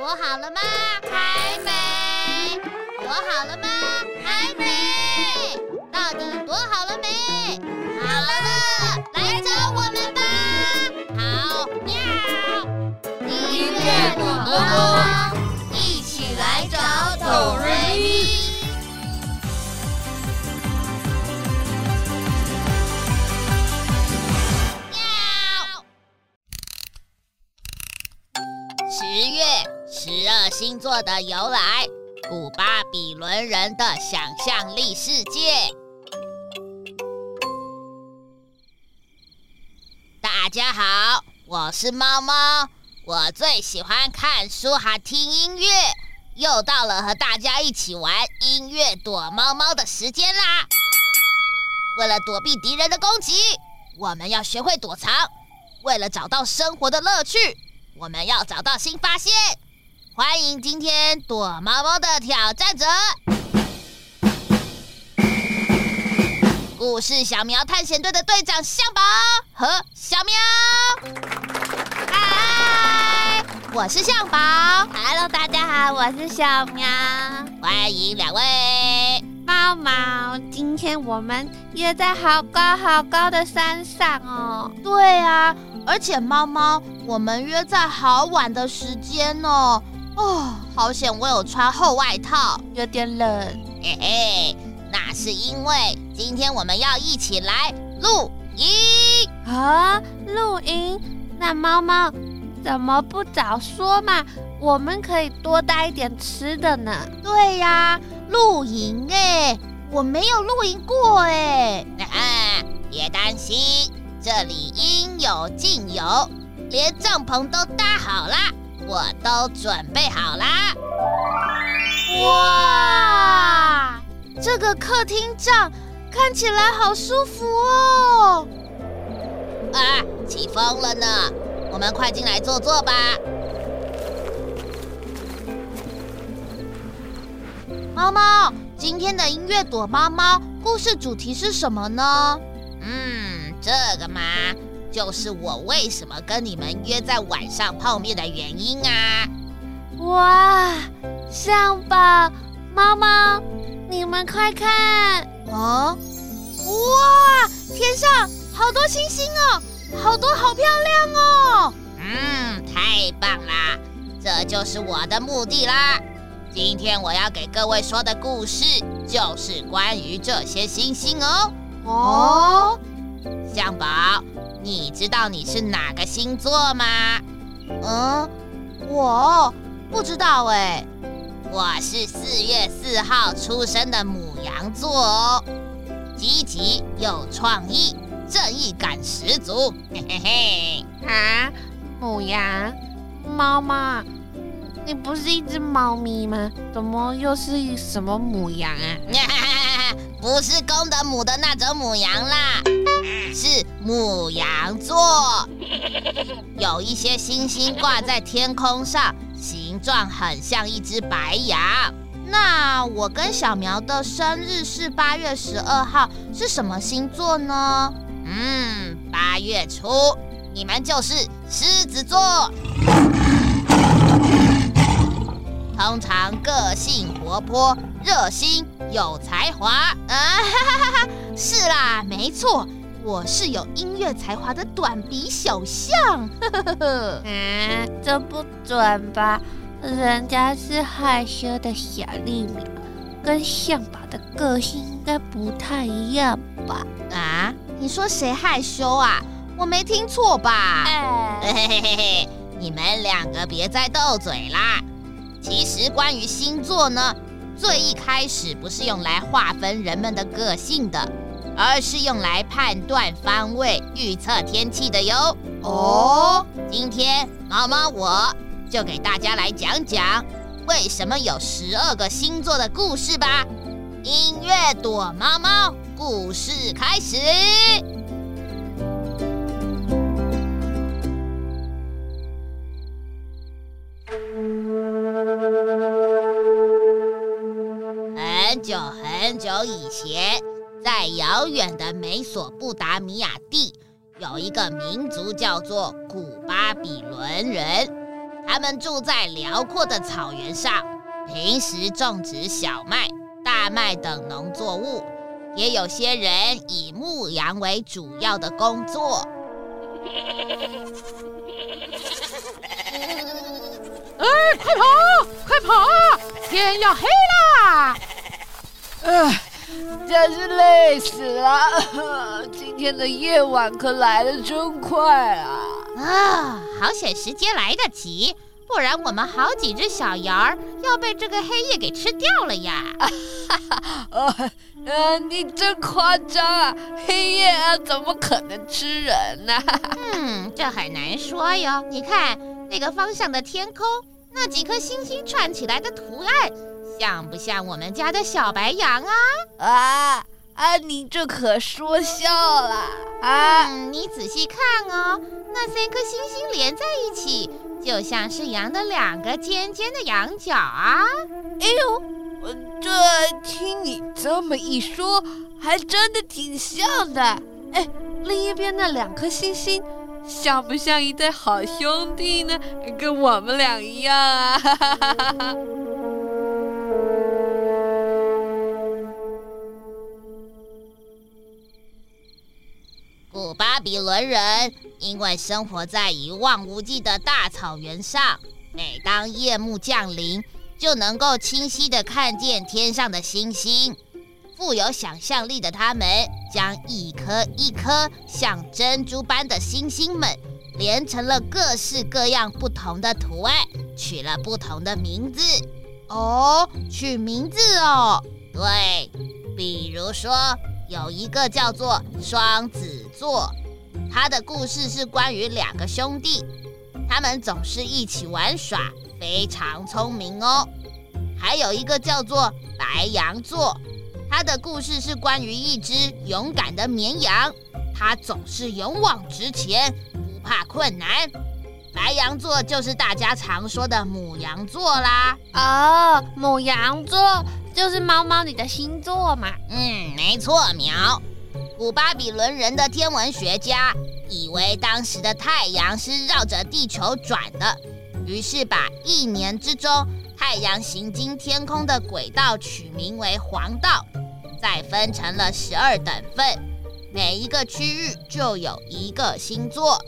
躲好了嗎？還沒。躲好了嗎？還沒。到底躲好了沒？好了，來找我們吧。好，喵。音樂躲貓貓。座的由來，古巴比倫人的想象力世界。大家好，我是貓貓，我最喜歡看書和聽音樂。又到了和大家一起玩音樂躲貓貓的時間啦！為了躲避敵人的攻擊，我們要學會躲藏；為了找到生活的樂趣，我們要找到新發現。歡迎今天躲貓貓的挑戰者，故事小苗探險隊的隊長象寶和小苗。嗨，我是象寶。Hello，大家好，我是小苗。歡迎兩位貓貓，今天我們約在好高好高的山上哦。對啊，而且貓貓，我們約在好晚的時間哦。哦，好險！我有穿厚外套，有點冷。嘿嘿，那是因為今天我們要一起來露營啊、哦！露營？那貓貓怎麼不早說嘛？我們可以多帶一點吃的呢。對呀、啊，露營哎、欸，我沒有露營過哎、欸嗯。別擔心，這裡應有盡有，連帳篷都搭好了。我都準備好啦！哇！這個客廳帳看起來好舒服哦。啊，起風了呢，我們快進來坐坐吧。貓貓，今天的音樂躲貓貓故事主題是什麼呢？嗯，這個嘛。就是我為什麼跟你們約在晚上碰面的原因啊！哇，象寶，貓貓，你們快看！哦，哇，天上好多星星哦，好多，好漂亮哦！嗯，太棒啦！這就是我的目的啦。今天我要給各位說的故事，就是關於這些星星哦。哦。哦。象寶，你知道你是哪個星座嗎？嗯，我不知道哎、欸，我是四月四號出生的牡羊座哦，積極有創意，正義感十足。嘿嘿嘿，啊，牡羊？媽媽，你不是一隻貓咪嗎？怎麼又是一什麼牡羊啊？不是公的母的那種母羊啦，是牡羊座。有一些星星掛在天空上，形狀很像一隻白羊。那我跟小苗的生日是八月十二號，是什麼星座呢？嗯，八月初，你們就是獅子座。通常個性活潑、熱心、有才華啊、嗯哈哈哈哈！是啦，沒錯，我是有音樂才華的短鼻小象。呵呵呵呵，嗯，這不準吧？人家是害羞的小麗米，跟象寶的個性應該不太一樣吧？啊，你說誰害羞啊？我沒聽錯吧？哎，嘿嘿嘿，你們兩個別再鬥嘴啦！其實，關於星座呢，最一開始不是用來劃分人們的個性的，而是用來判斷方位、預測天氣的喲。哦，今天貓貓我就給大家來講講為什麼有十二個星座的故事吧。音樂躲貓貓，故事開始！很久很久以前，在遙遠的美索不達米亞地，有一個民族叫做古巴比倫人。他們住在遼闊的草原上，平時種植小麥、大麥等農作物，也有些人以牧羊為主要的工作。哎、呃，快跑！快跑！天要黑啦！哎，真是累死了！今天的夜晚可來得真快啊！啊、哦，好險，時間來得及，不然我們好幾隻小羊兒要被這個黑夜給吃掉了呀！啊、哈哈、哦，呃，你真誇張啊！黑夜啊，怎麼可能吃人呢？啊？嗯，這很難說喲。你看那個方向的天空，那幾顆星星串起來的圖案。像不像我們家的小白羊啊？啊啊！你這可說笑了啊。嗯，你仔細看哦，那三顆星星連在一起，就像是羊的兩個尖尖的羊角啊！哎呦，這聽你這麼一說，還真的挺像的。哎，另一邊那兩顆星星，像不像一對好兄弟呢？跟我們倆一樣啊！ 古巴比倫人因為生活在一望無際的大草原上，每當夜幕降臨，就能夠清晰的看見天上的星星。富有想象力的他們，將一顆一顆像珍珠般的星星們，連成了各式各樣不同的圖案，取了不同的名字。哦，取名字哦，對，比如說有一個叫做雙子座，它的故事是關於兩個兄弟，他們總是一起玩耍，非常聰明哦。還有一個叫做白羊座，它的故事是關於一只勇敢的綿羊，它總是勇往直前，不怕困難。白羊座就是大家常說的牡羊座啦。啊、哦，牡羊座就是貓貓你的星座嘛？嗯，沒錯，喵。古巴比倫人的天文學家以為當時的太陽是繞着地球轉的，於是把一年之中太陽行經天空的軌道取名為黃道，再分成了十二等份，每一個區域就有一個星座，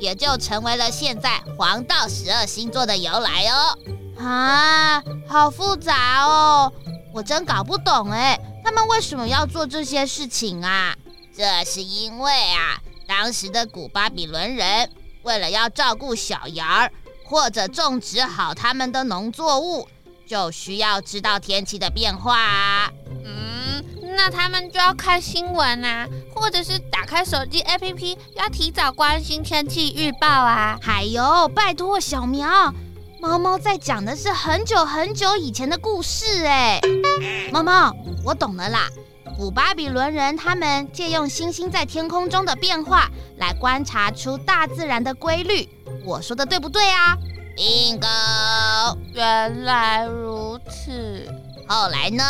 也就成為了現在黃道十二星座的由來哦。啊，好複雜哦，我真搞不懂哎，他們為什麼要做這些事情啊？這是因為啊，當時的古巴比倫人為了要照顧小羊兒，或者種植好他們的農作物，就需要知道天氣的變化啊。嗯，那他們就要看新聞啊，或者是打開手機 APP，要提早關心天氣預報啊。還、哎、有，拜託小苗，貓貓在講的是很久很久以前的故事哎、欸。貓貓，我懂了啦。古巴比倫人他們借用星星在天空中的變化來觀察出大自然的規律，我說的對不對啊？Bingo！原來如此。後來呢？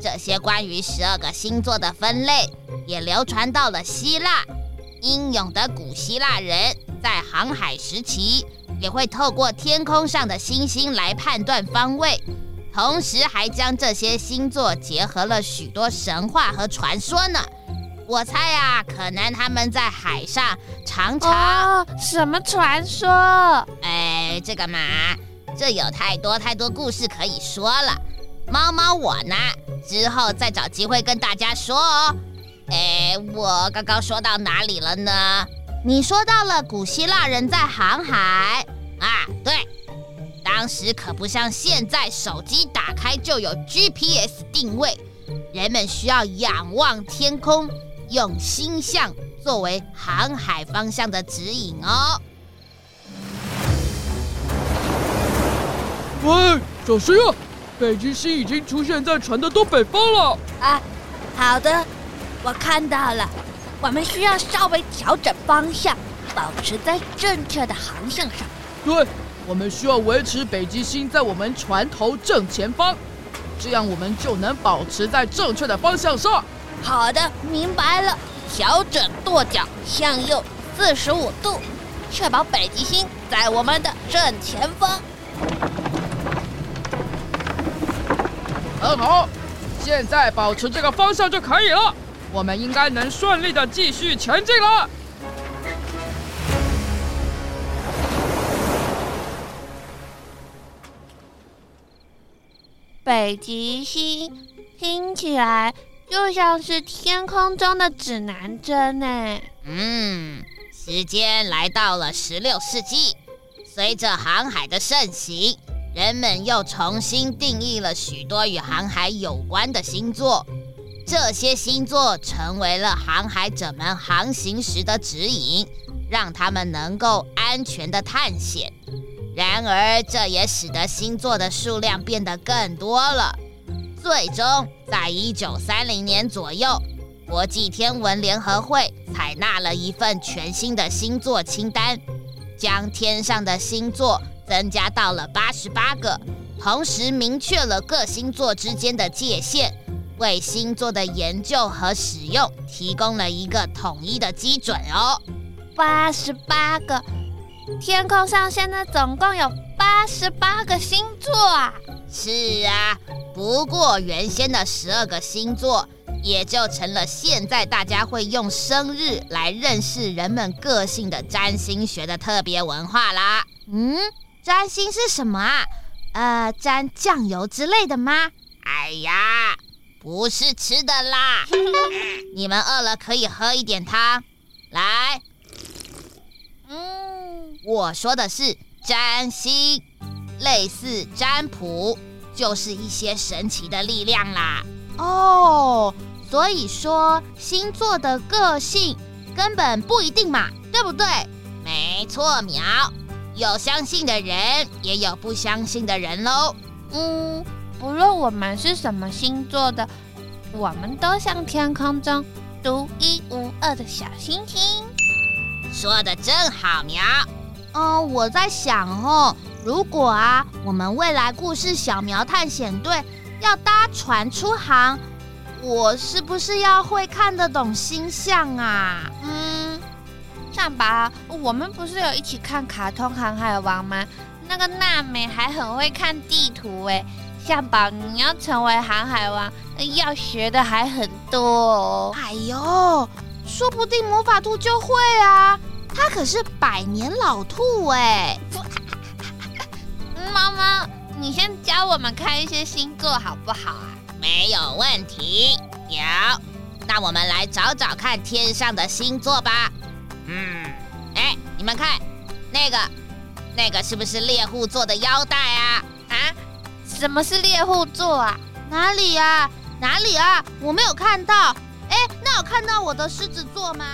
這些關於十二個星座的分類也流傳到了希臘。英勇的古希臘人在航海時期也會透過天空上的星星來判斷方位。同時還將這些星座結合了許多神話和傳說呢。我猜啊，可能他們在海上常常、哦、什麼傳說？哎，這個嘛，這有太多太多故事可以說了。貓貓我呢，之後再找機會跟大家說哦。哎，我剛剛說到哪裡了呢？你說到了古希臘人在航海啊，對。當時可不像現在，手機打開就有 GPS 定位，人們需要仰望天空，用星象作為航海方向的指引哦。喂，找誰啊？北極星已經出現在船的東北方了。啊，好的，我看到了，我們需要稍微調整方向，保持在正確的航向上。對。我們需要維持北極星在我們船頭正前方，這樣我們就能保持在正確的方向上。好的，明白了。調整舵角向右四十五度，確保北極星在我們的正前方。很好，現在保持這個方向就可以了。我們應該能順利地繼續前進了。北極星聽起來就像是天空中的指南針呢。嗯，時間來到了十六世紀，隨着航海的盛行，人們又重新定義了許多與航海有關的星座。這些星座成為了航海者們航行時的指引，讓他們能夠安全的探險。然而，這也使得星座的數量變得更多了。最終，在一九三零年左右，國際天文聯合會採納了一份全新的星座清單，將天上的星座增加到了八十八個，同時明確了各星座之間的界限，為星座的研究和使用提供了一個統一的基準哦。八十八個。天空上現在總共有八十八個星座啊。是啊，不過原先的十二個星座，也就成了現在大家會用生日來認識人們個性的占星學的特別文化啦。嗯，占星是什麼啊？呃，沾醬油之類的嗎？哎呀，不是吃的啦。 你們餓了可以喝一點湯，來。我說的是占星，類似占卜，就是一些神奇的力量啦。哦，所以說星座的個性根本不一定嘛，對不對？沒錯，喵。有相信的人，也有不相信的人嘍。嗯，不論我們是什麼星座的，我們都像天空中獨一無二的小星星。說得真好，喵。嗯，我在想哦，如果啊，我們未來故事小苗探險隊要搭船出航，我是不是要會看得懂星象啊？嗯，象寶，我們不是有一起看卡通《航海王》嗎？那個娜美還很會看地圖誒。象寶，你要成為航海王，要學的還很多哦。哎呦，說不定魔法兔就會啊。它可是百年老兔誒、哎。貓貓，你先教我們看一些星座好不好啊？沒有問題，有。那我們來找找看天上的星座吧。嗯，哎，你們看，那個，那個是不是獵戶座的腰帶啊？啊？什麼是獵戶座啊？哪裡啊？哪裡啊？我沒有看到。哎，那有看到我的獅子座嗎？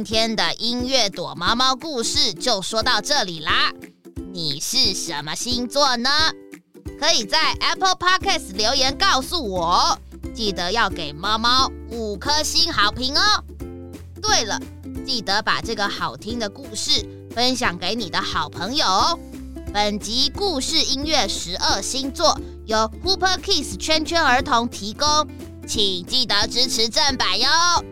今天的音樂躲貓貓故事就說到這裡啦。你是什麼星座呢？可以在 Apple Podcast 留言告訴我，記得要給貓貓五顆星好評哦。對了，記得把這個好聽的故事分享給你的好朋友。本集故事音樂十二星座由 Hoop Kids 圈圈兒童提供，請記得支持正版喲。